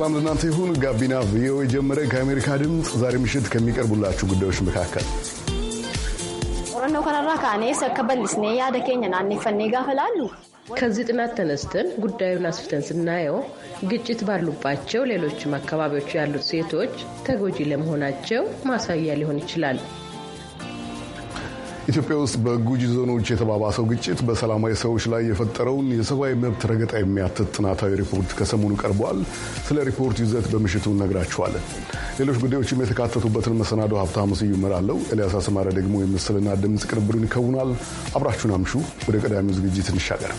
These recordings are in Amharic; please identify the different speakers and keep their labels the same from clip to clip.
Speaker 1: ሰላም ለእናንተ ይሁን። ጋቢና ቪኦኤ ጀመረ። ከአሜሪካ ድምፅ ዛሬ ምሽት ከሚቀርቡላችሁ ጉዳዮች መካከል
Speaker 2: ከዚህ ጥናት ተነስተን ጉዳዩን አስፍተን ስናየው ግጭት ባሉባቸው ሌሎችም አካባቢዎች ያሉት ሴቶች ተጎጂ ለመሆናቸው ማሳያ ሊሆን ይችላል።
Speaker 1: ኢትዮጵያ ውስጥ በጉጂ ዞኖች የተባባሰው ግጭት በሰላማዊ ሰዎች ላይ የፈጠረውን የሰብአዊ መብት ረገጣ የሚያትት ጥናታዊ ሪፖርት ከሰሞኑ ቀርቧል። ስለ ሪፖርት ይዘት በምሽቱ እነግራችኋለን። ሌሎች ጉዳዮችም የተካተቱበትን መሰናዶ ሀብታሙ ስዩ እመራለሁ። ኤልያስ አስማረ ደግሞ የምስልና ድምፅ ቅንብሩን ይከውናል። አብራችሁን አምሹ። ወደ ቀዳሚው ዝግጅት እንሻገር።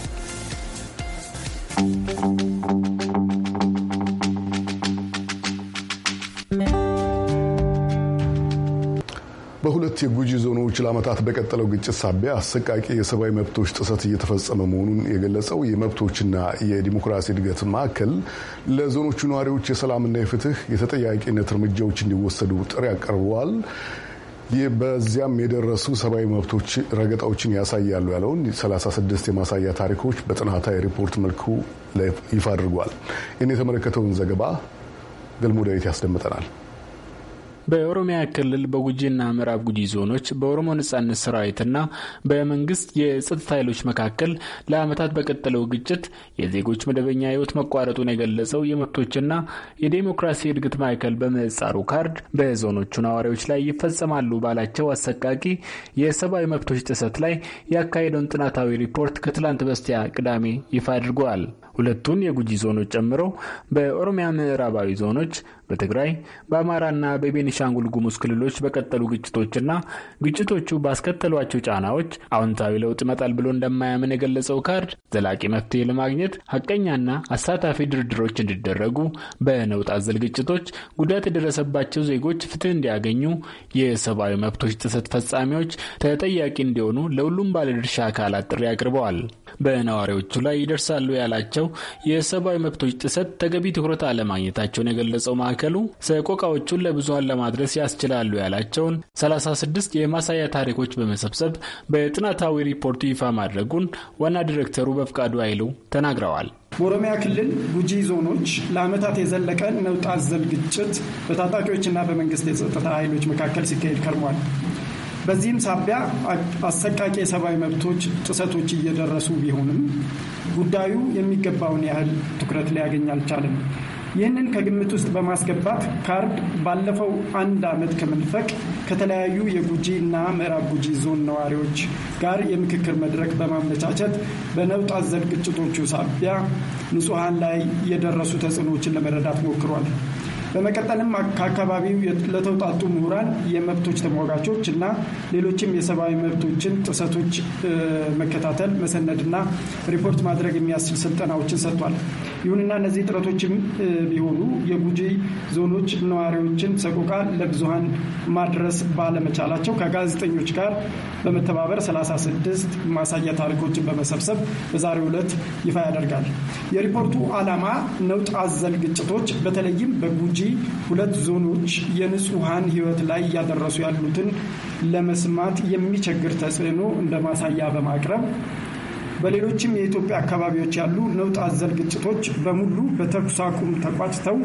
Speaker 1: የጉጂ ዞኖች ለዓመታት በቀጠለው ግጭት ሳቢያ አሰቃቂ የሰብአዊ መብቶች ጥሰት እየተፈጸመ መሆኑን የገለጸው የመብቶችና የዲሞክራሲ እድገት ማዕከል ለዞኖቹ ነዋሪዎች የሰላምና የፍትህ የተጠያቂነት እርምጃዎች እንዲወሰዱ ጥሪ አቀርበዋል። በዚያም የደረሱ ሰብአዊ መብቶች ረገጣዎችን ያሳያሉ ያለውን 36 የማሳያ ታሪኮች በጥናታዊ ሪፖርት መልኩ ይፋ አድርጓል። ይህን የተመለከተውን ዘገባ ገልሞ ዳዊት ያስደምጠናል።
Speaker 3: በኦሮሚያ ክልል በጉጂና ምዕራብ ጉጂ ዞኖች በኦሮሞ ነጻነት ሰራዊትና በመንግስት የጸጥታ ኃይሎች መካከል ለዓመታት በቀጠለው ግጭት የዜጎች መደበኛ ህይወት መቋረጡን የገለጸው የመብቶችና የዴሞክራሲ እድገት ማዕከል በምህጻሩ ካርድ በዞኖቹ ነዋሪዎች ላይ ይፈጸማሉ ባላቸው አሰቃቂ የሰብአዊ መብቶች ጥሰት ላይ ያካሄደውን ጥናታዊ ሪፖርት ከትላንት በስቲያ ቅዳሜ ይፋ አድርገዋል። ሁለቱን የጉጂ ዞኖች ጨምሮ በኦሮሚያ ምዕራባዊ ዞኖች በትግራይ በአማራና በቤኒሻንጉል ጉሙዝ ክልሎች በቀጠሉ ግጭቶችና ግጭቶቹ ባስከተሏቸው ጫናዎች አዎንታዊ ለውጥ ይመጣል ብሎ እንደማያምን የገለጸው ካርድ ዘላቂ መፍትሄ ለማግኘት ሀቀኛና አሳታፊ ድርድሮች እንዲደረጉ በነውጥ አዘል ግጭቶች ጉዳት የደረሰባቸው ዜጎች ፍትህ እንዲያገኙ የሰብአዊ መብቶች ጥሰት ፈጻሚዎች ተጠያቂ እንዲሆኑ ለሁሉም ባለድርሻ አካላት ጥሪ አቅርበዋል። በነዋሪዎቹ ላይ ይደርሳሉ ያላቸው የሰብአዊ መብቶች ጥሰት ተገቢ ትኩረት አለማግኘታቸውን የገለጸው ማዕከል በመከላከሉ ሰቆቃዎቹን ለብዙሀን ለማድረስ ያስችላሉ ያላቸውን 36 የማሳያ ታሪኮች በመሰብሰብ በጥናታዊ ሪፖርቱ ይፋ ማድረጉን ዋና ዲሬክተሩ በፍቃዱ ኃይሉ ተናግረዋል።
Speaker 4: በኦሮሚያ ክልል ጉጂ ዞኖች ለዓመታት የዘለቀ ነውጥ አዘል ግጭት በታጣቂዎችና በመንግስት የጸጥታ ኃይሎች መካከል ሲካሄድ ከርሟል። በዚህም ሳቢያ አሰቃቂ የሰብአዊ መብቶች ጥሰቶች እየደረሱ ቢሆንም ጉዳዩ የሚገባውን ያህል ትኩረት ሊያገኝ አልቻለም። ይህንን ከግምት ውስጥ በማስገባት ካርድ ባለፈው አንድ ዓመት ከመንፈቅ ከተለያዩ የጉጂ እና ምዕራብ ጉጂ ዞን ነዋሪዎች ጋር የምክክር መድረክ በማመቻቸት በነውጥ አዘል ግጭቶቹ ሳቢያ ንጹሐን ላይ የደረሱ ተጽዕኖዎችን ለመረዳት ሞክሯል። በመቀጠልም ከአካባቢው ለተውጣጡ ምሁራን፣ የመብቶች ተሟጋቾች እና ሌሎችም የሰብአዊ መብቶችን ጥሰቶች መከታተል፣ መሰነድና ሪፖርት ማድረግ የሚያስችል ስልጠናዎችን ሰጥቷል። ይሁንና እነዚህ ጥረቶችም ቢሆኑ የጉጂ ዞኖች ነዋሪዎችን ሰቆቃ ለብዙሀን ማድረስ ባለመቻላቸው ከጋዜጠኞች ጋር በመተባበር 36 ማሳያ ታሪኮችን በመሰብሰብ በዛሬው ዕለት ይፋ ያደርጋል። የሪፖርቱ ዓላማ ነውጥ አዘል ግጭቶች በተለይም በጉጂ ሁለት ዞኖች የንጹሐን ህይወት ላይ እያደረሱ ያሉትን ለመስማት የሚቸግር ተጽዕኖ እንደ ማሳያ በማቅረብ በሌሎችም የኢትዮጵያ አካባቢዎች ያሉ ነውጥ አዘል ግጭቶች በሙሉ በተኩስ አቁም ተቋጭተው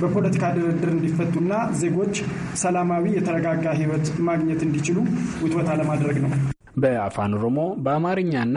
Speaker 4: በፖለቲካ ድርድር እንዲፈቱና ዜጎች ሰላማዊ የተረጋጋ ህይወት ማግኘት እንዲችሉ ውትወታ ለማድረግ ነው።
Speaker 3: በአፋን ኦሮሞ በአማርኛና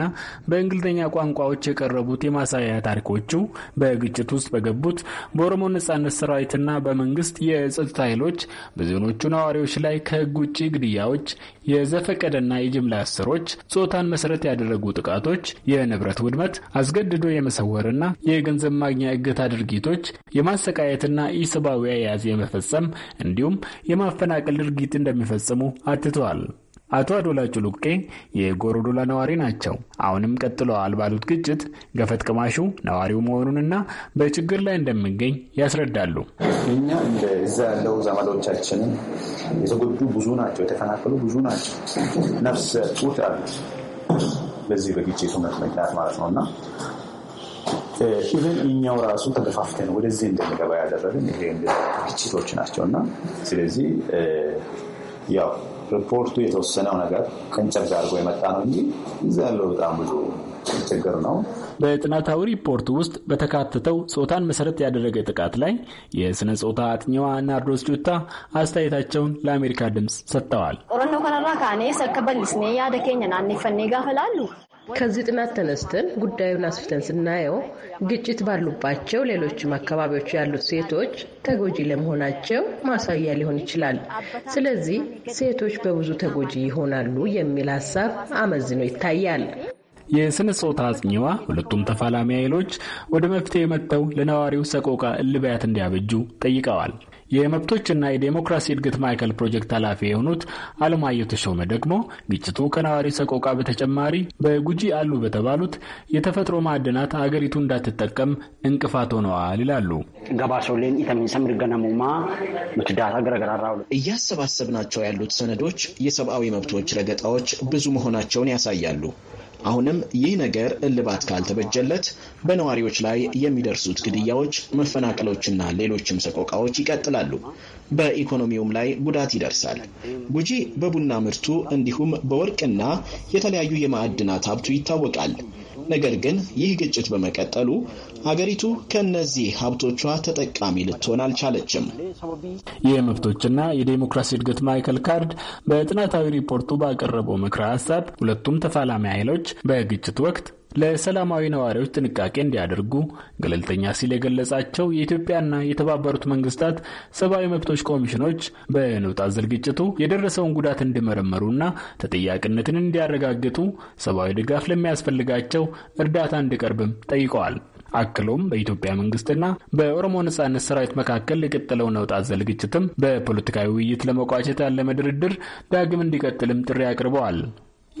Speaker 3: በእንግሊዝኛ ቋንቋዎች የቀረቡት የማሳያ ታሪኮቹ በግጭት ውስጥ በገቡት በኦሮሞ ነጻነት ሰራዊትና በመንግስት የጸጥታ ኃይሎች በዞኖቹ ነዋሪዎች ላይ ከህግ ውጭ ግድያዎች፣ የዘፈቀደና የጅምላ እስሮች፣ ጾታን መሰረት ያደረጉ ጥቃቶች፣ የንብረት ውድመት፣ አስገድዶ የመሰወርና የገንዘብ ማግኛ እገታ ድርጊቶች፣ የማሰቃየትና ኢሰብአዊ አያያዝ የመፈጸም እንዲሁም የማፈናቀል ድርጊት እንደሚፈጽሙ አትተዋል። አቶ አዶላ ጩሉቄ የጎሮዶላ ነዋሪ ናቸው። አሁንም ቀጥለዋል ባሉት ግጭት ገፈት ቅማሹ ነዋሪው መሆኑንና በችግር ላይ እንደሚገኝ ያስረዳሉ። እኛ እዛ ያለው ዘመዶቻችን የተጎዱ ብዙ ናቸው፣ የተፈናቀሉ ብዙ ናቸው። ነፍሰ ጡት አሉ።
Speaker 4: በዚህ በግጭቱ ምክንያት ማለት ነው እና ኢቨን እኛው ራሱ ተገፋፍተን ወደዚህ እንደሚገባ ያደረግን ይሄ ግጭቶች ናቸው እና ስለዚህ ያው ሪፖርቱ የተወሰነው ነገር ከእንጨት ጋር የመጣ ነው እንጂ እዛ ያለው በጣም
Speaker 3: ብዙ ችግር ነው። በጥናታዊ ሪፖርቱ ውስጥ በተካተተው ጾታን መሰረት ያደረገ ጥቃት ላይ የስነ ጾታ አጥኚዋ ናርዶስ ጁታ አስተያየታቸውን ለአሜሪካ ድምፅ ሰጥተዋል።
Speaker 2: ኦሮኖ ከነራ ካኔ ሰከበሊስኔ ያደኬኝን አኔፈኔ ጋፈላሉ ከዚህ ጥናት ተነስተን ጉዳዩን አስፍተን ስናየው ግጭት ባሉባቸው ሌሎችም አካባቢዎች ያሉት ሴቶች ተጎጂ ለመሆናቸው ማሳያ ሊሆን ይችላል። ስለዚህ ሴቶች በብዙ ተጎጂ ይሆናሉ የሚል ሀሳብ አመዝኖ ይታያል።
Speaker 3: የስነ ጾታ አጽኚዋ ሁለቱም ተፋላሚ ኃይሎች ወደ መፍትሄ መጥተው ለነዋሪው ሰቆቃ እልባያት እንዲያበጁ ጠይቀዋል። የመብቶችና የዴሞክራሲ እድገት ማዕከል ፕሮጀክት ኃላፊ የሆኑት አለማየሁ ተሾመ ደግሞ ግጭቱ ከነዋሪ ሰቆቃ በተጨማሪ በጉጂ አሉ በተባሉት የተፈጥሮ ማዕድናት አገሪቱ እንዳትጠቀም እንቅፋት ሆነዋል ይላሉ። ገባሶሌን ኢተሚንሰምር ምትዳታ ገረገራራ እያሰባሰብናቸው ያሉት ሰነዶች የሰብአዊ መብቶች ረገጣዎች ብዙ መሆናቸውን ያሳያሉ። አሁንም ይህ ነገር እልባት ካልተበጀለት በነዋሪዎች ላይ የሚደርሱት ግድያዎች፣ መፈናቀሎችና ሌሎችም ሰቆቃዎች ይቀጥላሉ። በኢኮኖሚውም ላይ ጉዳት ይደርሳል። ጉጂ በቡና ምርቱ እንዲሁም በወርቅና የተለያዩ የማዕድናት ሀብቱ ይታወቃል። ነገር ግን ይህ ግጭት በመቀጠሉ ሀገሪቱ ከእነዚህ ሀብቶቿ ተጠቃሚ ልትሆን አልቻለችም። የመብቶችና የዴሞክራሲ እድገት ማዕከል ካርድ በጥናታዊ ሪፖርቱ ባቀረበው ምክረ ሀሳብ ሁለቱም ተፋላሚ ኃይሎች በግጭት ወቅት ለሰላማዊ ነዋሪዎች ጥንቃቄ እንዲያደርጉ ገለልተኛ ሲል የገለጻቸው የኢትዮጵያና የተባበሩት መንግስታት ሰብአዊ መብቶች ኮሚሽኖች በነውጥ አዘል ግጭቱ የደረሰውን ጉዳት እንዲመረመሩና ተጠያቂነትን እንዲያረጋግጡ ሰብአዊ ድጋፍ ለሚያስፈልጋቸው እርዳታ እንዲቀርብም ጠይቀዋል። አክሎም በኢትዮጵያ መንግስትና በኦሮሞ ነጻነት ሰራዊት መካከል የቀጠለው ነውጥ አዘል ግጭትም በፖለቲካዊ ውይይት ለመቋጨት ያለመ ድርድር ዳግም እንዲቀጥልም ጥሪ አቅርበዋል።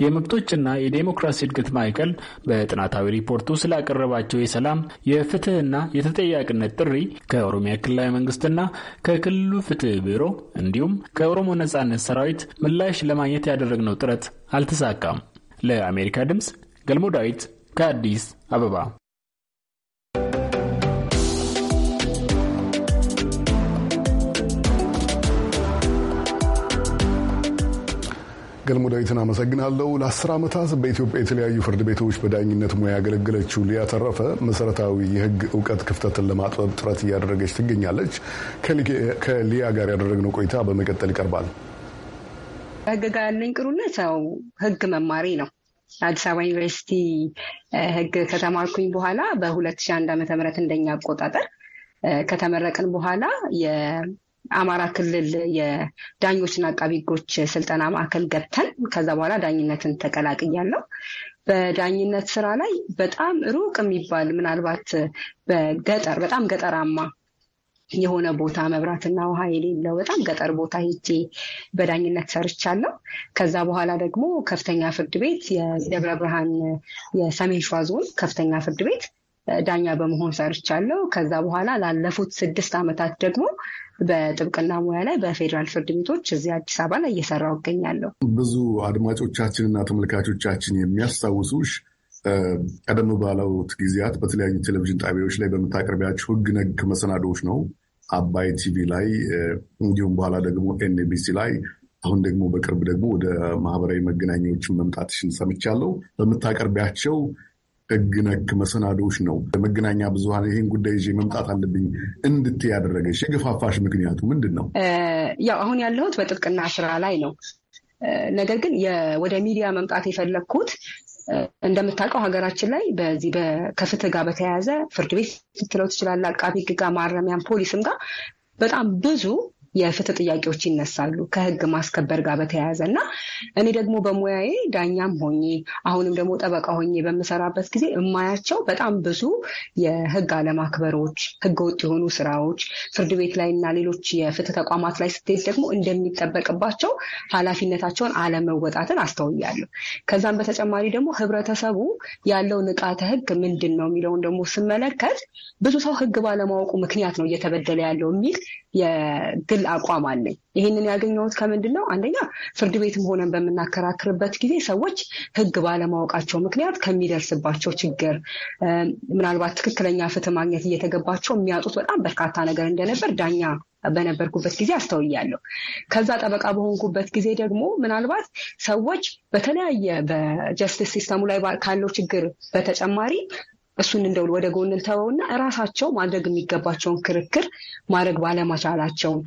Speaker 3: የመብቶችና የዴሞክራሲ እድገት ማዕከል በጥናታዊ ሪፖርቱ ስላቀረባቸው የሰላም የፍትህና የተጠያቂነት ጥሪ ከኦሮሚያ ክልላዊ መንግስትና ከክልሉ ፍትህ ቢሮ እንዲሁም ከኦሮሞ ነጻነት ሰራዊት ምላሽ ለማግኘት ያደረግነው ጥረት አልተሳካም። ለአሜሪካ ድምፅ ገልሞ ዳዊት ከአዲስ አበባ
Speaker 1: ገልሞ ዳዊትን አመሰግናለሁ። ለአስር ዓመታት በኢትዮጵያ የተለያዩ ፍርድ ቤቶች በዳኝነት ሙያ ያገለገለችው ሊያ ተረፈ መሰረታዊ የህግ እውቀት ክፍተትን ለማጥበብ ጥረት እያደረገች ትገኛለች። ከሊያ ጋር ያደረግነው ቆይታ በመቀጠል ይቀርባል።
Speaker 5: ሕግ ጋር ያለኝ ቅሩነት ያው ህግ መማሪ ነው። አዲስ አበባ ዩኒቨርሲቲ ህግ ከተማርኩኝ በኋላ በ2001 ም እንደኛ አቆጣጠር ከተመረቅን በኋላ አማራ ክልል የዳኞችና አቃቢ ሕጎች ስልጠና ማዕከል ገብተን ከዛ በኋላ ዳኝነትን ተቀላቅያለሁ። በዳኝነት ስራ ላይ በጣም ሩቅ የሚባል ምናልባት በገጠር በጣም ገጠራማ የሆነ ቦታ መብራትና ውሃ የሌለው በጣም ገጠር ቦታ ሄጄ በዳኝነት ሰርቻለሁ። ከዛ በኋላ ደግሞ ከፍተኛ ፍርድ ቤት የደብረ ብርሃን የሰሜን ሸዋ ዞን ከፍተኛ ፍርድ ቤት ዳኛ በመሆን ሰርቻለሁ። ከዛ በኋላ ላለፉት ስድስት ዓመታት ደግሞ በጥብቅና ሙያ ላይ በፌዴራል ፍርድ ቤቶች እዚህ አዲስ አበባ ላይ እየሰራሁ እገኛለሁ።
Speaker 1: ብዙ አድማጮቻችንና ተመልካቾቻችን የሚያስታውሱሽ ቀደም ባሉት ጊዜያት በተለያዩ ቴሌቪዥን ጣቢያዎች ላይ በምታቀርቢያቸው ህግ ነክ መሰናዶዎች ነው። አባይ ቲቪ ላይ እንዲሁም በኋላ ደግሞ ኤንቢሲ ላይ አሁን ደግሞ በቅርብ ደግሞ ወደ ማህበራዊ መገናኛዎችን መምጣትሽን ሰምቻለሁ። በምታቀርቢያቸው ህግ ነክ መሰናዶዎች ነው መገናኛ ብዙኃን ይህን ጉዳይ ይዤ መምጣት አለብኝ እንድት ያደረገች የገፋፋሽ ምክንያቱ ምንድን ነው?
Speaker 5: ያው አሁን ያለሁት በጥብቅና ስራ ላይ ነው። ነገር ግን ወደ ሚዲያ መምጣት የፈለግኩት እንደምታውቀው ሀገራችን ላይ በዚህ ከፍትህ ጋር በተያያዘ ፍርድ ቤት ስትለው ትችላለህ፣ አቃቢ ህግ ጋር፣ ማረሚያም ፖሊስም ጋር በጣም ብዙ የፍትህ ጥያቄዎች ይነሳሉ ከህግ ማስከበር ጋር በተያያዘ እና እኔ ደግሞ በሙያዬ ዳኛም ሆኜ አሁንም ደግሞ ጠበቃ ሆኜ በምሰራበት ጊዜ እማያቸው በጣም ብዙ የህግ አለማክበሮች፣ ህገ ወጥ የሆኑ ስራዎች ፍርድ ቤት ላይ እና ሌሎች የፍትህ ተቋማት ላይ ስትሄድ ደግሞ እንደሚጠበቅባቸው ኃላፊነታቸውን አለመወጣትን አስተውያለሁ። ከዛም በተጨማሪ ደግሞ ህብረተሰቡ ያለው ንቃተ ህግ ምንድን ነው የሚለውን ደግሞ ስመለከት ብዙ ሰው ህግ ባለማወቁ ምክንያት ነው እየተበደለ ያለው የሚል የግል ግል አቋም አለኝ። ይህንን ያገኘሁት ከምንድን ነው? አንደኛ ፍርድ ቤትም ሆነን በምናከራክርበት ጊዜ ሰዎች ሕግ ባለማወቃቸው ምክንያት ከሚደርስባቸው ችግር ምናልባት ትክክለኛ ፍትህ ማግኘት እየተገባቸው የሚያጡት በጣም በርካታ ነገር እንደነበር ዳኛ በነበርኩበት ጊዜ አስተውያለሁ። ከዛ ጠበቃ በሆንኩበት ጊዜ ደግሞ ምናልባት ሰዎች በተለያየ በጀስቲስ ሲስተሙ ላይ ካለው ችግር በተጨማሪ እሱን እንደው ወደ ጎን ተወውና እራሳቸው ማድረግ የሚገባቸውን ክርክር ማድረግ ባለመቻላቸውን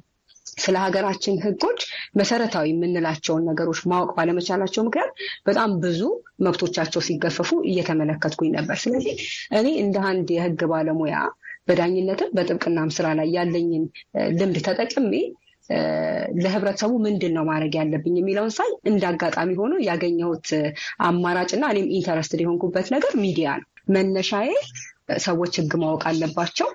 Speaker 5: ስለ ሀገራችን ህጎች መሰረታዊ የምንላቸውን ነገሮች ማወቅ ባለመቻላቸው ምክንያት በጣም ብዙ መብቶቻቸው ሲገፈፉ እየተመለከትኩኝ ነበር። ስለዚህ እኔ እንደ አንድ የህግ ባለሙያ በዳኝነትም በጥብቅናም ስራ ላይ ያለኝን ልምድ ተጠቅሜ ለህብረተሰቡ ምንድን ነው ማድረግ ያለብኝ የሚለውን ሳይ እንደ አጋጣሚ ሆኖ ያገኘሁት አማራጭና እኔም ኢንተረስትድ የሆንኩበት ነገር ሚዲያ ነው። መነሻዬ ሰዎች ህግ ማወቅ አለባቸው፣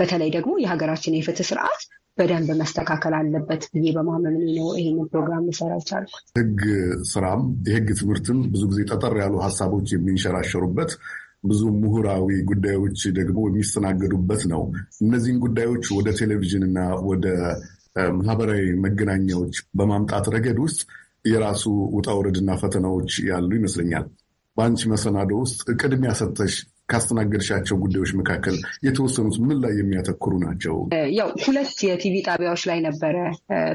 Speaker 5: በተለይ ደግሞ የሀገራችን የፍትህ ስርዓት በደንብ መስተካከል አለበት ብዬ በማመን ነው ይህን ፕሮግራም ልሰራ የቻልኩት።
Speaker 1: ህግ ስራም የህግ ትምህርትም ብዙ ጊዜ ጠጠር ያሉ ሀሳቦች የሚንሸራሸሩበት ብዙ ምሁራዊ ጉዳዮች ደግሞ የሚስተናገዱበት ነው። እነዚህን ጉዳዮች ወደ ቴሌቪዥን እና ወደ ማህበራዊ መገናኛዎች በማምጣት ረገድ ውስጥ የራሱ ውጣ ውረድና ፈተናዎች ያሉ ይመስለኛል። በአንቺ መሰናዶ ውስጥ ቅድሚያ ሰጥተሽ ካስተናገድሻቸው ጉዳዮች መካከል የተወሰኑት ምን ላይ የሚያተኩሩ
Speaker 5: ናቸው? ያው ሁለት የቲቪ ጣቢያዎች ላይ ነበረ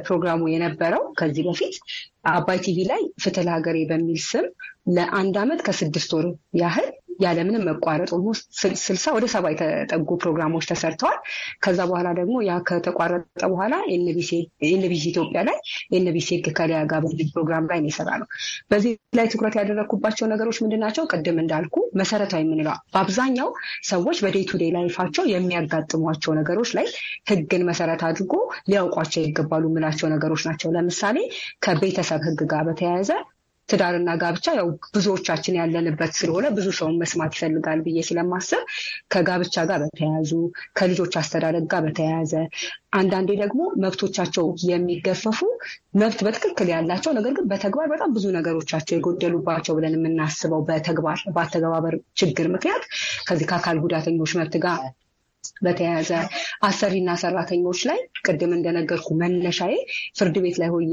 Speaker 5: ፕሮግራሙ የነበረው ከዚህ በፊት አባይ ቲቪ ላይ ፍትህ ለሀገሬ በሚል ስም ለአንድ አመት ከስድስት ወር ያህል ያለምንም መቋረጥ ኦልሞስት ስልሳ ወደ ሰባ የተጠጉ ፕሮግራሞች ተሰርተዋል። ከዛ በኋላ ደግሞ ያ ከተቋረጠ በኋላ ኤንቢሲ ኢትዮጵያ ላይ ኤንቢሲ ህግ ከሊያ ጋር ፕሮግራም ላይ ነው የሰራ ነው። በዚህ ላይ ትኩረት ያደረግኩባቸው ነገሮች ምንድን ናቸው? ቅድም እንዳልኩ መሰረታዊ የምንለው በአብዛኛው ሰዎች በዴይ ቱ ዴይ ላይፋቸው የሚያጋጥሟቸው ነገሮች ላይ ህግን መሰረት አድርጎ ሊያውቋቸው ይገባሉ የምላቸው ነገሮች ናቸው። ለምሳሌ ከቤተሰብ ህግ ጋር በተያያዘ ትዳርና ጋብቻ ያው ብዙዎቻችን ያለንበት ስለሆነ ብዙ ሰውን መስማት ይፈልጋል ብዬ ስለማስብ ከጋብቻ ጋር በተያያዙ ከልጆች አስተዳደግ ጋር በተያያዘ አንዳንዴ ደግሞ መብቶቻቸው የሚገፈፉ መብት በትክክል ያላቸው ነገር ግን በተግባር በጣም ብዙ ነገሮቻቸው የጎደሉባቸው ብለን የምናስበው በተግባር በአተገባበር ችግር ምክንያት ከዚህ ከአካል ጉዳተኞች መብት ጋር በተያያዘ አሰሪና ሰራተኞች ላይ ቅድም እንደነገርኩ መነሻዬ ፍርድ ቤት ላይ ሆኜ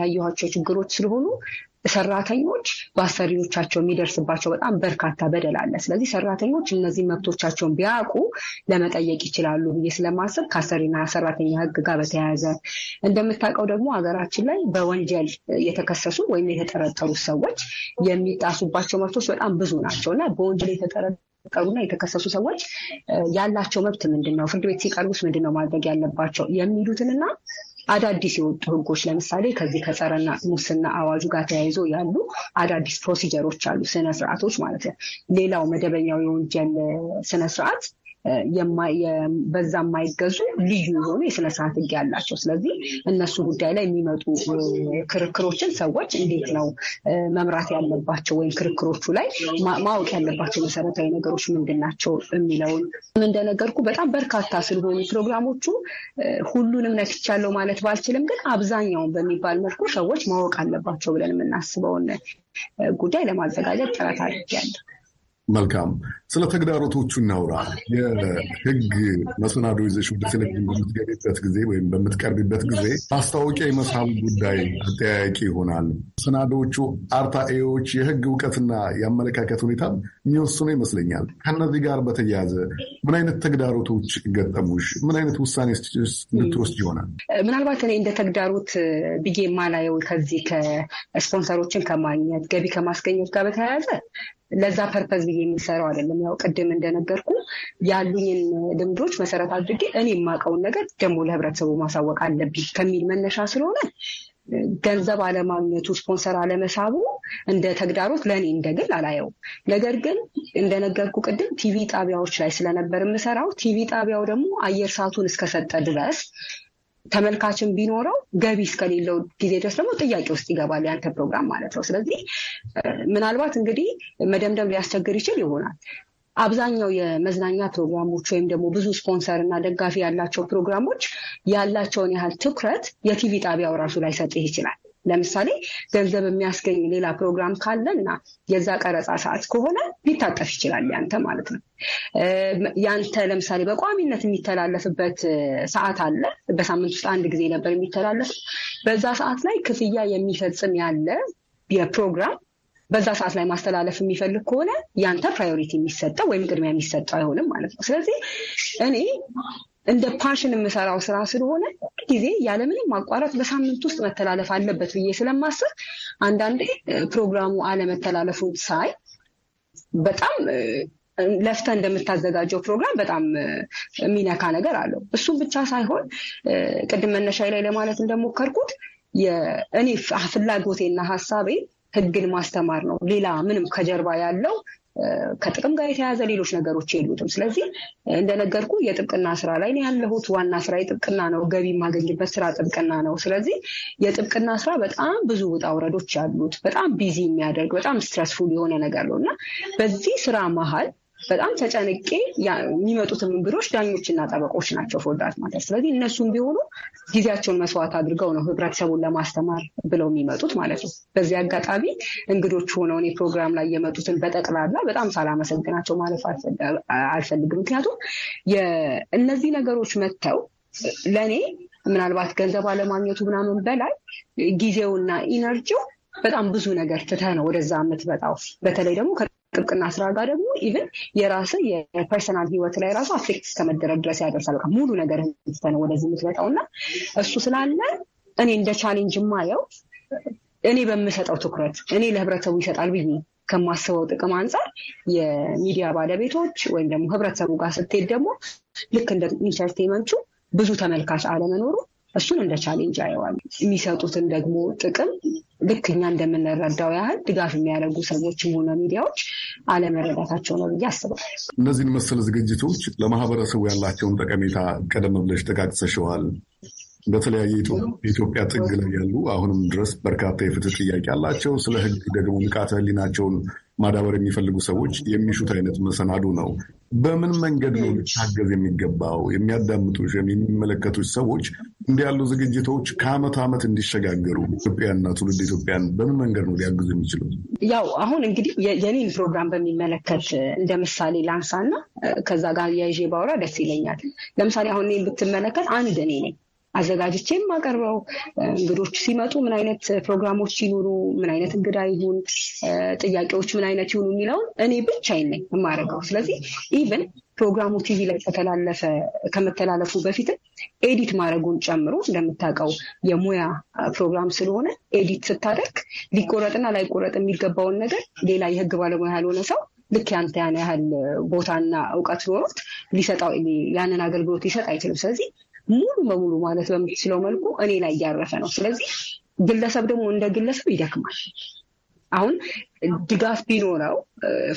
Speaker 5: ያየኋቸው ችግሮች ስለሆኑ ሰራተኞች በአሰሪዎቻቸው የሚደርስባቸው በጣም በርካታ በደል አለ። ስለዚህ ሰራተኞች እነዚህ መብቶቻቸውን ቢያውቁ ለመጠየቅ ይችላሉ ብዬ ስለማስብ ከአሰሪና ሰራተኛ ሕግ ጋር በተያያዘ እንደምታውቀው ደግሞ ሀገራችን ላይ በወንጀል የተከሰሱ ወይም የተጠረጠሩ ሰዎች የሚጣሱባቸው መብቶች በጣም ብዙ ናቸው እና በወንጀል የተጠረጠ ና የተከሰሱ ሰዎች ያላቸው መብት ምንድን ነው? ፍርድ ቤት ሲቀርቡስ ምንድን ነው ማድረግ ያለባቸው? የሚሉትንና አዳዲስ የወጡ ህጎች ለምሳሌ ከዚህ ከጸረና ሙስና አዋጁ ጋር ተያይዞ ያሉ አዳዲስ ፕሮሲጀሮች አሉ፣ ስነስርዓቶች ማለት ነው። ሌላው መደበኛው የወንጀል ስነስርዓት በዛ የማይገዙ ልዩ የሆኑ የስነ ስርዓት ህግ ያላቸው። ስለዚህ እነሱ ጉዳይ ላይ የሚመጡ ክርክሮችን ሰዎች እንዴት ነው መምራት ያለባቸው ወይም ክርክሮቹ ላይ ማወቅ ያለባቸው መሰረታዊ ነገሮች ምንድን ናቸው የሚለውን እንደነገርኩ በጣም በርካታ ስለሆኑ ፕሮግራሞቹ ሁሉንም ነክቻለሁ ማለት ባልችልም፣ ግን አብዛኛውን በሚባል መልኩ ሰዎች ማወቅ አለባቸው ብለን የምናስበውን ጉዳይ ለማዘጋጀት ጥረት አድርጌያለሁ።
Speaker 1: መልካም ስለ ተግዳሮቶቹ እናውራ። የህግ መሰናዶ ይዘሽ ወደ ቴሌቪዥን በምትገቢበት ጊዜ ወይም በምትቀርቢበት ጊዜ ማስታወቂያ የመሳብ ጉዳይ አጠያያቂ ይሆናል። መሰናዶዎቹ አርታኤዎች የህግ እውቀትና የአመለካከት ሁኔታ የሚወስኑ ይመስለኛል። ከእነዚህ ጋር በተያያዘ ምን አይነት ተግዳሮቶች ገጠሙሽ? ምን አይነት ውሳኔ ልትወስድ ይሆናል?
Speaker 5: ምናልባት እኔ እንደ ተግዳሮት ብዬ የማላየው ከዚህ ከስፖንሰሮችን ከማግኘት ገቢ ከማስገኘት ጋር በተያያዘ ለዛ ፐርፐዝ ብዬ የሚሰራው አይደለም። ያው ቅድም እንደነገርኩ ያሉኝን ልምዶች መሰረት አድርጌ እኔ የማውቀውን ነገር ደግሞ ለህብረተሰቡ ማሳወቅ አለብኝ ከሚል መነሻ ስለሆነ ገንዘብ አለማግኘቱ ስፖንሰር አለመሳቡ እንደ ተግዳሮት ለእኔ እንደግል አላየው ነገር ግን እንደነገርኩ ቅድም ቲቪ ጣቢያዎች ላይ ስለነበር የምሰራው ቲቪ ጣቢያው ደግሞ አየር ሰዓቱን እስከሰጠ ድረስ ተመልካችን ቢኖረው ገቢ እስከሌለው ጊዜ ድረስ ደግሞ ጥያቄ ውስጥ ይገባል ያንተ ፕሮግራም ማለት ነው። ስለዚህ ምናልባት እንግዲህ መደምደም ሊያስቸግር ይችል ይሆናል። አብዛኛው የመዝናኛ ፕሮግራሞች ወይም ደግሞ ብዙ ስፖንሰር እና ደጋፊ ያላቸው ፕሮግራሞች ያላቸውን ያህል ትኩረት የቲቪ ጣቢያው ራሱ ላይ ሰጥህ ይችላል። ለምሳሌ ገንዘብ የሚያስገኝ ሌላ ፕሮግራም ካለ እና የዛ ቀረፃ ሰዓት ከሆነ ሊታጠፍ ይችላል ያንተ ማለት ነው። ያንተ ለምሳሌ በቋሚነት የሚተላለፍበት ሰዓት አለ። በሳምንት ውስጥ አንድ ጊዜ ነበር የሚተላለፍ። በዛ ሰዓት ላይ ክፍያ የሚፈጽም ያለ የፕሮግራም በዛ ሰዓት ላይ ማስተላለፍ የሚፈልግ ከሆነ ያንተ ፕራዮሪቲ የሚሰጠው ወይም ቅድሚያ የሚሰጠው አይሆንም ማለት ነው። ስለዚህ እኔ እንደ ፓሽን የምሰራው ስራ ስለሆነ ጊዜ ያለምንም ማቋረጥ በሳምንት ውስጥ መተላለፍ አለበት ብዬ ስለማስብ አንዳንዴ ፕሮግራሙ አለመተላለፉን ሳይ በጣም ለፍተ እንደምታዘጋጀው ፕሮግራም በጣም የሚነካ ነገር አለው። እሱም ብቻ ሳይሆን ቅድም መነሻዬ ላይ ለማለት እንደሞከርኩት እኔ ፍላጎቴና ሀሳቤ ህግን ማስተማር ነው። ሌላ ምንም ከጀርባ ያለው ከጥቅም ጋር የተያዘ ሌሎች ነገሮች የሉትም። ስለዚህ እንደነገርኩ የጥብቅና ስራ ላይ ያለሁት። ዋና ስራ የጥብቅና ነው። ገቢ የማገኝበት ስራ ጥብቅና ነው። ስለዚህ የጥብቅና ስራ በጣም ብዙ ውጣ ውረዶች ያሉት፣ በጣም ቢዚ የሚያደርግ በጣም ስትረስፉል የሆነ ነገር ነው እና በዚህ ስራ መሀል በጣም ተጨንቄ የሚመጡትም እንግዶች ዳኞችና ጠበቆች ናቸው ፎር ማለት ስለዚህ እነሱም ቢሆኑ ጊዜያቸውን መስዋዕት አድርገው ነው ህብረተሰቡን ለማስተማር ብለው የሚመጡት ማለት ነው። በዚህ አጋጣሚ እንግዶች ሆነው እኔ ፕሮግራም ላይ የመጡትን በጠቅላላ በጣም ሳላመሰግናቸው ማለፍ አልፈልግም። ምክንያቱም እነዚህ ነገሮች መጥተው ለእኔ ምናልባት ገንዘብ አለማግኘቱ ምናምን በላይ ጊዜውና ኢነርጂው በጣም ብዙ ነገር ትተህ ነው ወደዛ የምትመጣው። በተለይ ደግሞ ጥብቅና ስራ ጋር ደግሞ ኢቨን የራስ የፐርሰናል ህይወት ላይ ራሱ አፌክት እስከመደረግ ድረስ ያደርሳል። ሙሉ ነገር ነው ወደዚህ የምትመጣው እና እሱ ስላለ እኔ እንደ ቻሌንጅ ማየው እኔ በምሰጠው ትኩረት እኔ ለህብረተሰቡ ይሰጣል ብዬ ከማስበው ጥቅም አንጻር የሚዲያ ባለቤቶች ወይም ደግሞ ህብረተሰቡ ጋር ስትሄድ ደግሞ ልክ እንደ ኢንተርቴንመንቱ ብዙ ተመልካች አለመኖሩ እሱን እንደ ቻሌንጅ አየዋል። የሚሰጡትን ደግሞ ጥቅም ልክ እኛ እንደምንረዳው ያህል ድጋፍ የሚያደርጉ ሰዎችም ሆነ ሚዲያዎች አለመረዳታቸው ነው ብዬ አስባለሁ።
Speaker 1: እነዚህን መሰል ዝግጅቶች ለማህበረሰቡ ያላቸውን ጠቀሜታ ቀደም ብለሽ ጠቃቅሰሸዋል። በተለያየ የኢትዮጵያ ጥግ ላይ ያሉ አሁንም ድረስ በርካታ የፍትህ ጥያቄ አላቸው። ስለ ህግ ደግሞ ንቃተ ህሊናቸውን ማዳበር የሚፈልጉ ሰዎች የሚሹት አይነት መሰናዱ ነው በምን መንገድ ነው ልታገዝ የሚገባው? የሚያዳምጡሽ የሚመለከቱሽ ሰዎች እንዲህ ያሉ ዝግጅቶች ከአመት ዓመት እንዲሸጋገሩ ኢትዮጵያና ትውልድ ኢትዮጵያን በምን መንገድ ነው ሊያግዙ የሚችሉት?
Speaker 5: ያው አሁን እንግዲህ የኔን ፕሮግራም በሚመለከት እንደ ምሳሌ ላንሳና ከዛ ጋር የዤ ባውራ ደስ ይለኛል። ለምሳሌ አሁን እኔን ብትመለከት አንድ እኔ ነኝ አዘጋጅቼ የማቀርበው እንግዶች ሲመጡ ምን አይነት ፕሮግራሞች ሲኖሩ ምን አይነት እንግዳ ይሁን፣ ጥያቄዎች ምን አይነት ይሁኑ የሚለውን እኔ ብቻዬን ነኝ የማደርገው። ስለዚህ ኢቨን ፕሮግራሙ ቲቪ ላይ ከተላለፈ ከመተላለፉ በፊትም ኤዲት ማድረጉን ጨምሮ እንደምታውቀው የሙያ ፕሮግራም ስለሆነ ኤዲት ስታደርግ ሊቆረጥና ላይቆረጥ የሚገባውን ነገር ሌላ የህግ ባለሙያ ያልሆነ ሰው ልክ ያንተ ያን ያህል ቦታና እውቀት ኖሮት ሊሰጣው ያንን አገልግሎት ሊሰጥ አይችልም። ስለዚህ ሙሉ በሙሉ ማለት በምትችለው መልኩ እኔ ላይ እያረፈ ነው። ስለዚህ ግለሰብ ደግሞ እንደ ግለሰብ ይደክማል። አሁን ድጋፍ ቢኖረው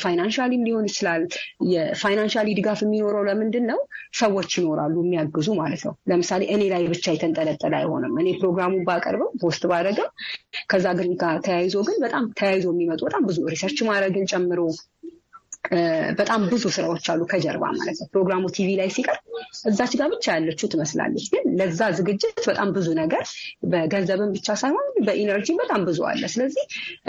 Speaker 5: ፋይናንሻሊም ሊሆን ይችላል። የፋይናንሻሊ ድጋፍ የሚኖረው ለምንድን ነው? ሰዎች ይኖራሉ የሚያግዙ ማለት ነው። ለምሳሌ እኔ ላይ ብቻ የተንጠለጠለ አይሆንም። እኔ ፕሮግራሙን ባቀርበው ፖስት ባደረገም ከዛ ግን ጋር ተያይዞ ግን በጣም ተያይዞ የሚመጡ በጣም ብዙ ሪሰርች ማድረግን ጨምሮ በጣም ብዙ ስራዎች አሉ ከጀርባ ማለት ነው። ፕሮግራሙ ቲቪ ላይ ሲቀር እዛች ጋር ብቻ ያለችው ትመስላለች፣ ግን ለዛ ዝግጅት በጣም ብዙ ነገር በገንዘብም ብቻ ሳይሆን በኢነርጂ በጣም ብዙ አለ። ስለዚህ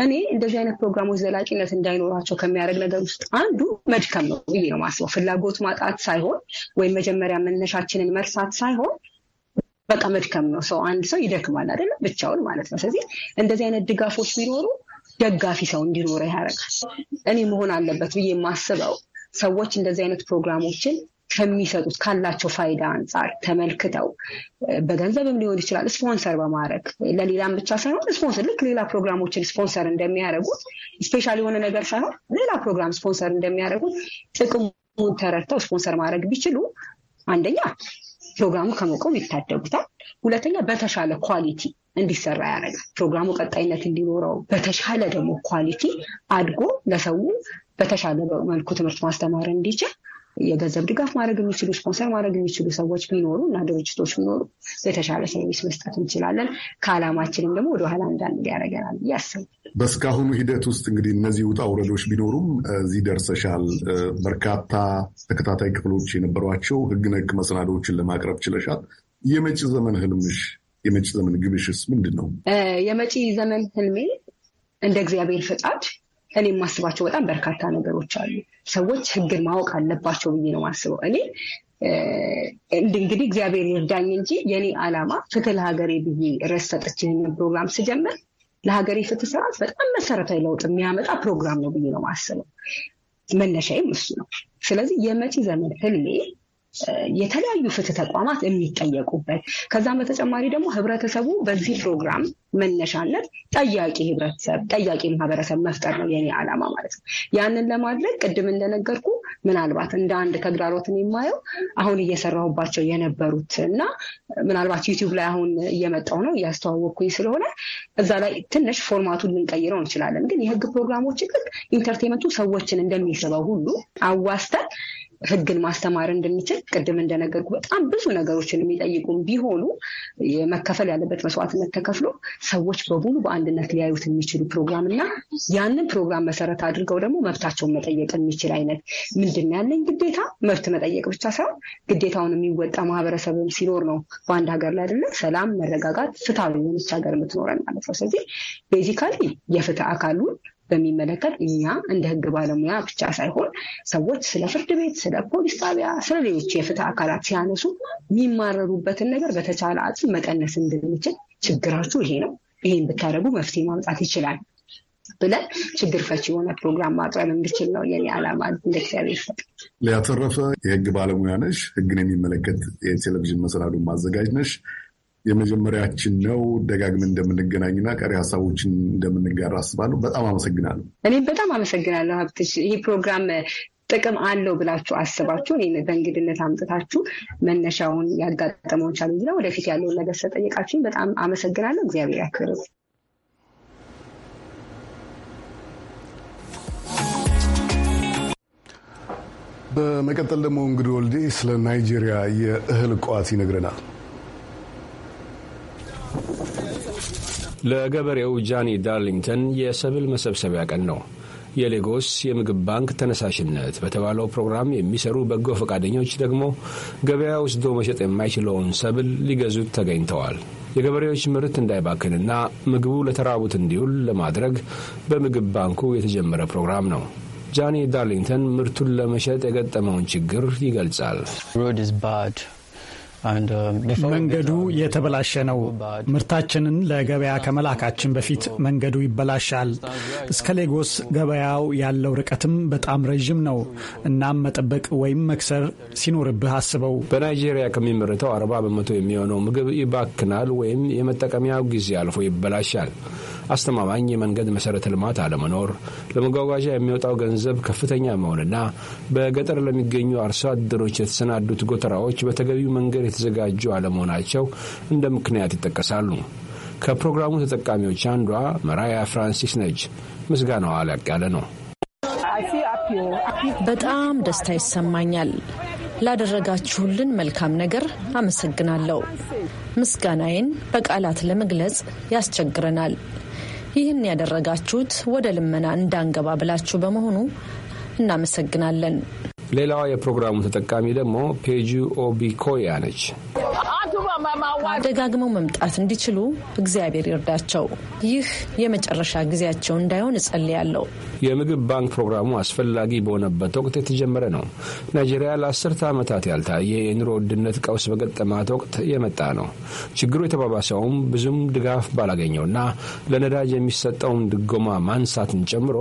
Speaker 5: እኔ እንደዚህ አይነት ፕሮግራሞች ዘላቂነት እንዳይኖራቸው ከሚያደርግ ነገር ውስጥ አንዱ መድከም ነው ብዬ ነው ማስበው። ፍላጎት ማጣት ሳይሆን ወይም መጀመሪያ መነሻችንን መርሳት ሳይሆን በቃ መድከም ነው። ሰው አንድ ሰው ይደክማል አይደለም ብቻውን ማለት ነው። ስለዚህ እንደዚህ አይነት ድጋፎች ቢኖሩ ደጋፊ ሰው እንዲኖረ ያደርጋል። እኔ መሆን አለበት ብዬ የማስበው ሰዎች እንደዚህ አይነት ፕሮግራሞችን ከሚሰጡት ካላቸው ፋይዳ አንጻር ተመልክተው በገንዘብም ሊሆን ይችላል ስፖንሰር በማድረግ ለሌላም ብቻ ሳይሆን ስፖንሰር ልክ ሌላ ፕሮግራሞችን ስፖንሰር እንደሚያደርጉት ስፔሻል የሆነ ነገር ሳይሆን ሌላ ፕሮግራም ስፖንሰር እንደሚያደርጉት ጥቅሙን ተረድተው ስፖንሰር ማድረግ ቢችሉ አንደኛ ፕሮግራሙ ከመቆም ይታደጉታል። ሁለተኛ በተሻለ ኳሊቲ እንዲሰራ ያደርጋል። ፕሮግራሙ ቀጣይነት እንዲኖረው በተሻለ ደግሞ ኳሊቲ አድጎ ለሰው በተሻለ መልኩ ትምህርት ማስተማር እንዲችል የገንዘብ ድጋፍ ማድረግ የሚችሉ ስፖንሰር ማድረግ የሚችሉ ሰዎች ቢኖሩ እና ድርጅቶች ቢኖሩ የተሻለ ሰርቪስ መስጠት እንችላለን። ከዓላማችንም ደግሞ ወደኋላ እንዳንል ያደርገናል ያስብ
Speaker 1: በእስካሁኑ ሂደት ውስጥ እንግዲህ እነዚህ ውጣ ውረዶች ቢኖሩም እዚህ ደርሰሻል። በርካታ ተከታታይ ክፍሎች የነበሯቸው ህግ ነክ መሰናዶዎችን ለማቅረብ ችለሻል። የመጪ ዘመን ህልምሽ፣ የመጪ ዘመን ግብሽስ ምንድን ነው?
Speaker 5: የመጪ ዘመን ህልሜ እንደ እግዚአብሔር ፍቃድ እኔ የማስባቸው በጣም በርካታ ነገሮች አሉ። ሰዎች ህግን ማወቅ አለባቸው ብዬ ነው የማስበው። እኔ እንግዲህ እግዚአብሔር ይርዳኝ እንጂ የኔ ዓላማ ፍትህ ለሀገሬ ብዬ ርዕስ ሰጥቼ ፕሮግራም ስጀምር ለሀገሬ ፍትህ ስርዓት በጣም መሰረታዊ ለውጥ የሚያመጣ ፕሮግራም ነው ብዬ ነው የማስበው። መነሻዬም እሱ ነው። ስለዚህ የመጪ ዘመን ህልሜ የተለያዩ ፍትህ ተቋማት የሚጠየቁበት ከዛም በተጨማሪ ደግሞ ህብረተሰቡ በዚህ ፕሮግራም መነሻነት ጠያቂ ህብረተሰብ ጠያቂ ማህበረሰብ መፍጠር ነው የኔ ዓላማ ማለት ነው። ያንን ለማድረግ ቅድም እንደነገርኩ ምናልባት እንደ አንድ ተግዳሮትን የማየው አሁን እየሰራሁባቸው የነበሩት እና ምናልባት ዩቲዩብ ላይ አሁን እየመጣው ነው እያስተዋወቅኩኝ ስለሆነ እዛ ላይ ትንሽ ፎርማቱን ልንቀይረው እንችላለን። ግን የህግ ፕሮግራሞች ግን ኢንተርቴንመንቱ ሰዎችን እንደሚስበው ሁሉ አዋስተን ህግን ማስተማር እንድንችል ቅድም እንደነገርኩ በጣም ብዙ ነገሮችን የሚጠይቁም ቢሆኑ መከፈል ያለበት መስዋዕትነት ተከፍሎ ሰዎች በሙሉ በአንድነት ሊያዩት የሚችሉ ፕሮግራም እና ያንን ፕሮግራም መሰረት አድርገው ደግሞ መብታቸውን መጠየቅ የሚችል አይነት ምንድን ያለኝ ግዴታ መብት መጠየቅ ብቻ ሳይሆን ግዴታውን የሚወጣ ማህበረሰብም ሲኖር ነው በአንድ ሀገር ላይ አይደለም ሰላም፣ መረጋጋት፣ ፍትሃዊ የሆነች ሀገር የምትኖረን ማለት ነው። ስለዚህ ቤዚካሊ የፍትህ አካሉን በሚመለከት እኛ እንደ ህግ ባለሙያ ብቻ ሳይሆን ሰዎች ስለ ፍርድ ቤት፣ ስለ ፖሊስ ጣቢያ፣ ስለ ሌሎች የፍትህ አካላት ሲያነሱ የሚማረሩበትን ነገር በተቻለ አጽም መቀነስ እንድንችል ችግራችሁ ይሄ ነው፣ ይሄን ብታደርጉ መፍትሄ ማምጣት ይችላል ብለን ችግር ፈች የሆነ ፕሮግራም ማቅረብ እንድችል ነው የኔ ዓላማ። እንደ እግዚአብሔር ፈቅ
Speaker 1: ሊያተረፈ የህግ ባለሙያ ነሽ፣ ህግን የሚመለከት የቴሌቪዥን መሰናዶ ማዘጋጅ ነሽ። የመጀመሪያችን ነው። ደጋግመን እንደምንገናኝና ቀሪ ሀሳቦችን እንደምንጋራ አስባለሁ። በጣም አመሰግናለሁ።
Speaker 5: እኔም በጣም አመሰግናለሁ ሀብትሽ። ይህ ፕሮግራም ጥቅም አለው ብላችሁ አስባችሁ በእንግድነት አምጥታችሁ መነሻውን ያጋጠመውን ቻሉ ነው ወደፊት ያለውን ነገር ስለጠየቃችሁኝ በጣም አመሰግናለሁ። እግዚአብሔር ያክብር።
Speaker 1: በመቀጠል ደግሞ እንግዲህ ወልዴ ስለ ናይጄሪያ የእህል ቋት ይነግረናል። ለገበሬው
Speaker 6: ጃኒ ዳርሊንግተን የሰብል መሰብሰቢያ ቀን ነው። የሌጎስ የምግብ ባንክ ተነሳሽነት በተባለው ፕሮግራም የሚሰሩ በጎ ፈቃደኞች ደግሞ ገበያ ወስዶ መሸጥ የማይችለውን ሰብል ሊገዙት ተገኝተዋል። የገበሬዎች ምርት እንዳይባክንና ምግቡ ለተራቡት እንዲውል ለማድረግ በምግብ ባንኩ የተጀመረ ፕሮግራም ነው። ጃኒ ዳርሊንግተን ምርቱን ለመሸጥ የገጠመውን ችግር ይገልጻል።
Speaker 4: Um, መንገዱ um, የተበላሸ ነው። ምርታችንን ለገበያ ከመላካችን በፊት መንገዱ ይበላሻል። እስከ ሌጎስ ገበያው ያለው ርቀትም በጣም ረዥም
Speaker 6: ነው። እናም መጠበቅ ወይም መክሰር ሲኖርብህ አስበው። በናይጄሪያ ከሚመረተው አርባ በመቶ የሚሆነው ምግብ ይባክናል ወይም የመጠቀሚያው ጊዜ አልፎ ይበላሻል። አስተማማኝ የመንገድ መሰረተ ልማት አለመኖር፣ ለመጓጓዣ የሚወጣው ገንዘብ ከፍተኛ መሆንና በገጠር ለሚገኙ አርሶ አደሮች የተሰናዱት ጎተራዎች በተገቢው መንገድ የተዘጋጁ አለመሆናቸው እንደ ምክንያት ይጠቀሳሉ። ከፕሮግራሙ ተጠቃሚዎች አንዷ መራያ ፍራንሲስ ነች። ምስጋናዋ ላቅ ያለ ነው።
Speaker 2: በጣም ደስታ ይሰማኛል። ላደረጋችሁልን መልካም ነገር አመሰግናለሁ። ምስጋናዬን በቃላት ለመግለጽ ያስቸግረናል። ይህን ያደረጋችሁት ወደ ልመና እንዳንገባ ብላችሁ በመሆኑ
Speaker 6: እናመሰግናለን። ሌላዋ የፕሮግራሙ ተጠቃሚ ደግሞ ፔጂ ኦቢኮያ ነች።
Speaker 2: ደጋግመው መምጣት እንዲችሉ እግዚአብሔር ይርዳቸው። ይህ የመጨረሻ ጊዜያቸው እንዳይሆን እጸልያለሁ።
Speaker 6: የምግብ ባንክ ፕሮግራሙ አስፈላጊ በሆነበት ወቅት የተጀመረ ነው። ናይጄሪያ ለአስርተ ዓመታት ያልታየ የኑሮ ውድነት ቀውስ በገጠማት ወቅት የመጣ ነው። ችግሩ የተባባሰውም ብዙም ድጋፍ ባላገኘውና ለነዳጅ የሚሰጠውን ድጎማ ማንሳትን ጨምሮ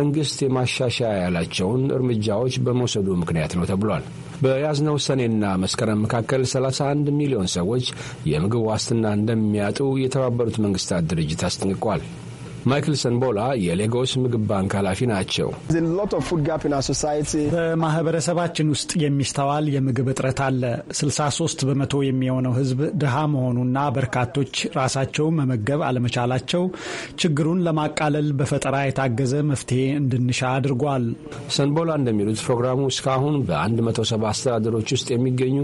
Speaker 6: መንግስት የማሻሻያ ያላቸውን እርምጃዎች በመውሰዱ አንዱ ምክንያት ነው ተብሏል። በያዝነው ሰኔና መስከረም መካከል 31 ሚሊዮን ሰዎች የምግብ ዋስትና እንደሚያጡ የተባበሩት መንግስታት ድርጅት አስጠንቅቋል። ማይክል ሰንቦላ የሌጎስ ምግብ ባንክ ኃላፊ ናቸው።
Speaker 4: በማህበረሰባችን ውስጥ የሚስተዋል የምግብ እጥረት አለ። 63 በመቶ የሚሆነው ህዝብ ድሃ መሆኑና በርካቶች ራሳቸው መመገብ አለመቻላቸው
Speaker 6: ችግሩን ለማቃለል በፈጠራ የታገዘ መፍትሄ እንድንሻ አድርጓል። ሰንቦላ እንደሚሉት ፕሮግራሙ እስካሁን በ170 አስተዳደሮች ውስጥ የሚገኙ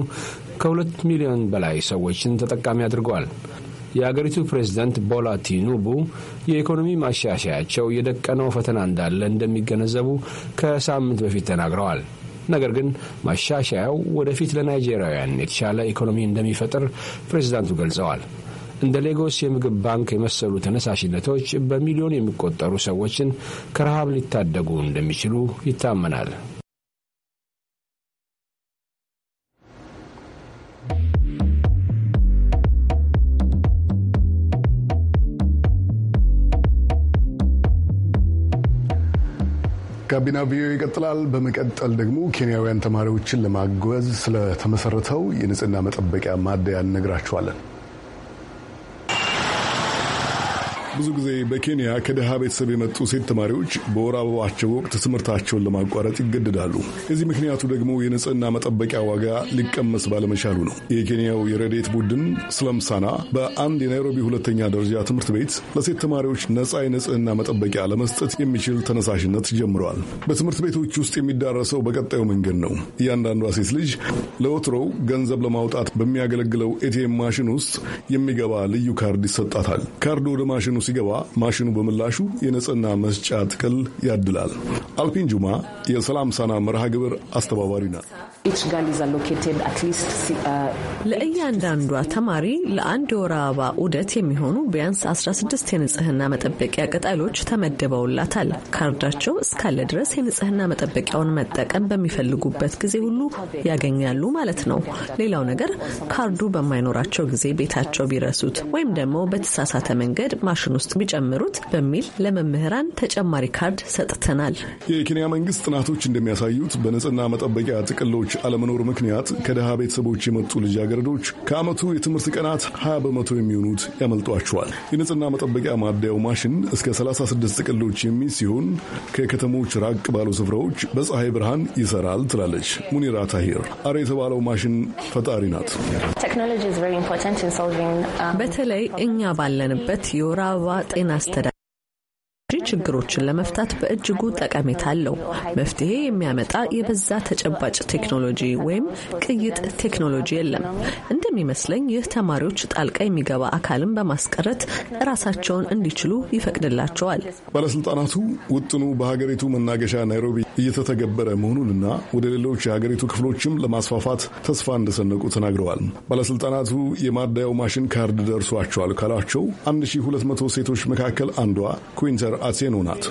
Speaker 6: ከሁለት ሚሊዮን በላይ ሰዎችን ተጠቃሚ አድርጓል። የአገሪቱ ፕሬዚዳንት ቦላ ቲኑቡ የኢኮኖሚ ማሻሻያቸው የደቀነው ፈተና እንዳለ እንደሚገነዘቡ ከሳምንት በፊት ተናግረዋል። ነገር ግን ማሻሻያው ወደፊት ለናይጄሪያውያን የተሻለ ኢኮኖሚ እንደሚፈጥር ፕሬዝዳንቱ ገልጸዋል። እንደ ሌጎስ የምግብ ባንክ የመሰሉ ተነሳሽነቶች በሚሊዮን የሚቆጠሩ ሰዎችን ከረሃብ ሊታደጉ እንደሚችሉ ይታመናል።
Speaker 1: ጋቢና ቪኦኤ ይቀጥላል። በመቀጠል ደግሞ ኬንያውያን ተማሪዎችን ለማጓዝ ስለተመሰረተው የንጽህና መጠበቂያ ማደያ እንነግራችኋለን። ብዙ ጊዜ በኬንያ ከድሃ ቤተሰብ የመጡ ሴት ተማሪዎች በወር አበባቸው ወቅት ትምህርታቸውን ለማቋረጥ ይገደዳሉ። የዚህ ምክንያቱ ደግሞ የንጽህና መጠበቂያ ዋጋ ሊቀመስ ባለመቻሉ ነው። የኬንያው የረዴት ቡድን ስለምሳና በአንድ የናይሮቢ ሁለተኛ ደረጃ ትምህርት ቤት ለሴት ተማሪዎች ነጻ የንጽህና መጠበቂያ ለመስጠት የሚችል ተነሳሽነት ጀምረዋል። በትምህርት ቤቶች ውስጥ የሚዳረሰው በቀጣዩ መንገድ ነው። እያንዳንዷ ሴት ልጅ ለወትሮው ገንዘብ ለማውጣት በሚያገለግለው ኤቲኤም ማሽን ውስጥ የሚገባ ልዩ ካርድ ይሰጣታል። ካርዱ ወደ ማሽን ሲገባ ማሽኑ በምላሹ የንጽህና መስጫ ጥቅል ያድላል። አልፒን ጁማ የሰላም ሳና መርሃ ግብር አስተባባሪ ናት።
Speaker 2: uh, ለእያንዳንዷ ተማሪ ለአንድ የወር አበባ ዑደት የሚሆኑ ቢያንስ 16 የንጽህና መጠበቂያ ቅጠሎች ተመድበውላታል። ካርዳቸው እስካለ ድረስ የንጽህና መጠበቂያውን መጠቀም በሚፈልጉበት ጊዜ ሁሉ ያገኛሉ ማለት ነው። ሌላው ነገር ካርዱ በማይኖራቸው ጊዜ ቤታቸው ቢረሱት ወይም ደግሞ በተሳሳተ መንገድ ማሽኑ መጠን ውስጥ ቢጨምሩት በሚል ለመምህራን ተጨማሪ ካርድ ሰጥተናል።
Speaker 1: የኬንያ መንግስት ጥናቶች እንደሚያሳዩት በንጽህና መጠበቂያ ጥቅሎች አለመኖር ምክንያት ከድሃ ቤተሰቦች የመጡ ልጃገረዶች ከዓመቱ የትምህርት ቀናት 20 በመቶ የሚሆኑት ያመልጧቸዋል። የንጽህና መጠበቂያ ማደያው ማሽን እስከ 36 ጥቅሎች የሚል ሲሆን ከከተሞች ራቅ ባሉ ስፍራዎች በፀሐይ ብርሃን ይሰራል ትላለች ሙኒራ ታሂር። አሬ የተባለው ማሽን ፈጣሪ ናት።
Speaker 2: um, በተለይ እኛ ባለንበት የወር አበባ አበባ ጤና አስተዳደር ችግሮችን ለመፍታት በእጅጉ ጠቀሜታ አለው። መፍትሄ የሚያመጣ የበዛ ተጨባጭ ቴክኖሎጂ ወይም ቅይጥ ቴክኖሎጂ የለም። እንደሚመስለኝ ይህ ተማሪዎች ጣልቃ የሚገባ አካልን በማስቀረት ራሳቸውን እንዲችሉ
Speaker 1: ይፈቅድላቸዋል። ባለስልጣናቱ ውጥኑ በሀገሪቱ መናገሻ ናይሮቢ እየተተገበረ መሆኑንና ወደ ሌሎች የሀገሪቱ ክፍሎችም ለማስፋፋት ተስፋ እንደሰነቁ ተናግረዋል። ባለስልጣናቱ የማደያው ማሽን ካርድ ደርሷቸዋል ካሏቸው 1200 ሴቶች መካከል አንዷ ኩንተር ብላቴኖ ናት።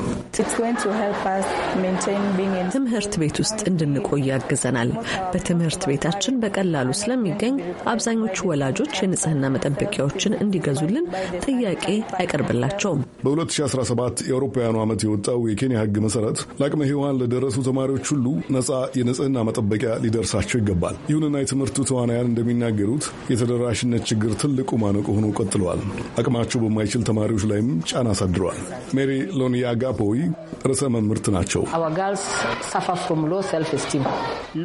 Speaker 2: ትምህርት ቤት ውስጥ እንድንቆይ ያግዘናል። በትምህርት ቤታችን በቀላሉ ስለሚገኝ አብዛኞቹ ወላጆች የንጽህና መጠበቂያዎችን እንዲገዙልን ጥያቄ አይቀርብላቸውም።
Speaker 1: በ2017 የአውሮፓውያኑ ዓመት የወጣው የኬንያ ሕግ መሰረት ለአቅመ ሔዋን ለደረሱ ተማሪዎች ሁሉ ነጻ የንጽህና መጠበቂያ ሊደርሳቸው ይገባል። ይሁንና የትምህርቱ ተዋናያን እንደሚናገሩት የተደራሽነት ችግር ትልቁ ማነቆ ሆኖ ቀጥለዋል። አቅማቸው በማይችል ተማሪዎች ላይም ጫና አሳድረዋል። ሜሪ ሎኒ አጋፖዊ ርዕሰ መምህርት ናቸው።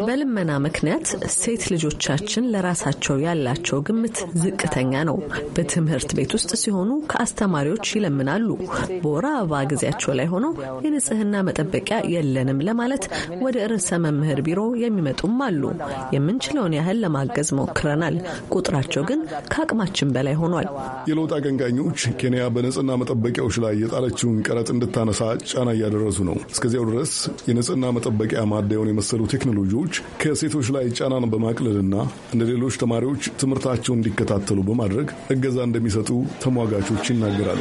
Speaker 2: በልመና ምክንያት ሴት ልጆቻችን ለራሳቸው ያላቸው ግምት ዝቅተኛ ነው። በትምህርት ቤት ውስጥ ሲሆኑ ከአስተማሪዎች ይለምናሉ። በወር አበባ ጊዜያቸው ላይ ሆነው የንጽህና መጠበቂያ የለንም ለማለት ወደ ርዕሰ መምህር ቢሮ የሚመጡም አሉ። የምንችለውን ያህል ለማገዝ ሞክረናል። ቁጥራቸው ግን ከአቅማችን በላይ ሆኗል።
Speaker 1: የለውጥ አቀንቃኞች ኬንያ በንጽህና መጠበቂያዎች ላይ የጣለችውን ቀረጥ በማቋረጥ እንድታነሳ ጫና እያደረሱ ነው። እስከዚያው ድረስ የንጽህና መጠበቂያ ማደያውን የመሰሉ ቴክኖሎጂዎች ከሴቶች ላይ ጫናን በማቅለልና እንደ ሌሎች ተማሪዎች ትምህርታቸውን እንዲከታተሉ በማድረግ እገዛ እንደሚሰጡ ተሟጋቾች ይናገራሉ።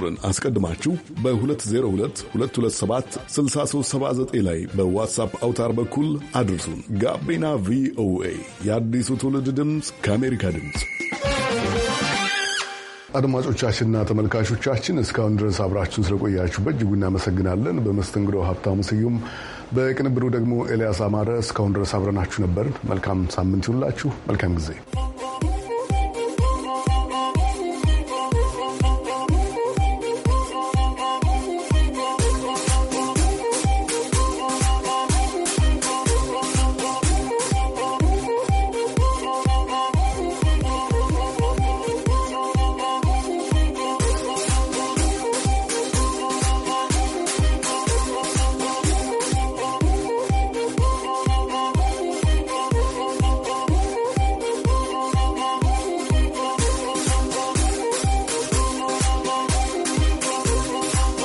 Speaker 1: ቁጥርን አስቀድማችሁ በ 6379 ላይ በዋትሳፕ አውታር በኩል አድርሱን። ጋቢና ቪኦኤ የአዲሱ ትውልድ ድምፅ ከአሜሪካ ድምፅ። አድማጮቻችንና ተመልካቾቻችን እስካሁን ድረስ አብራችሁን ስለቆያችሁ በእጅጉ እናመሰግናለን። በመስተንግዶ ሀብታሙ ስዩም፣ በቅንብሩ ደግሞ ኤልያስ አማረ። እስካሁን ድረስ አብረናችሁ ነበርን። መልካም ሳምንት ይሁንላችሁ። መልካም ጊዜ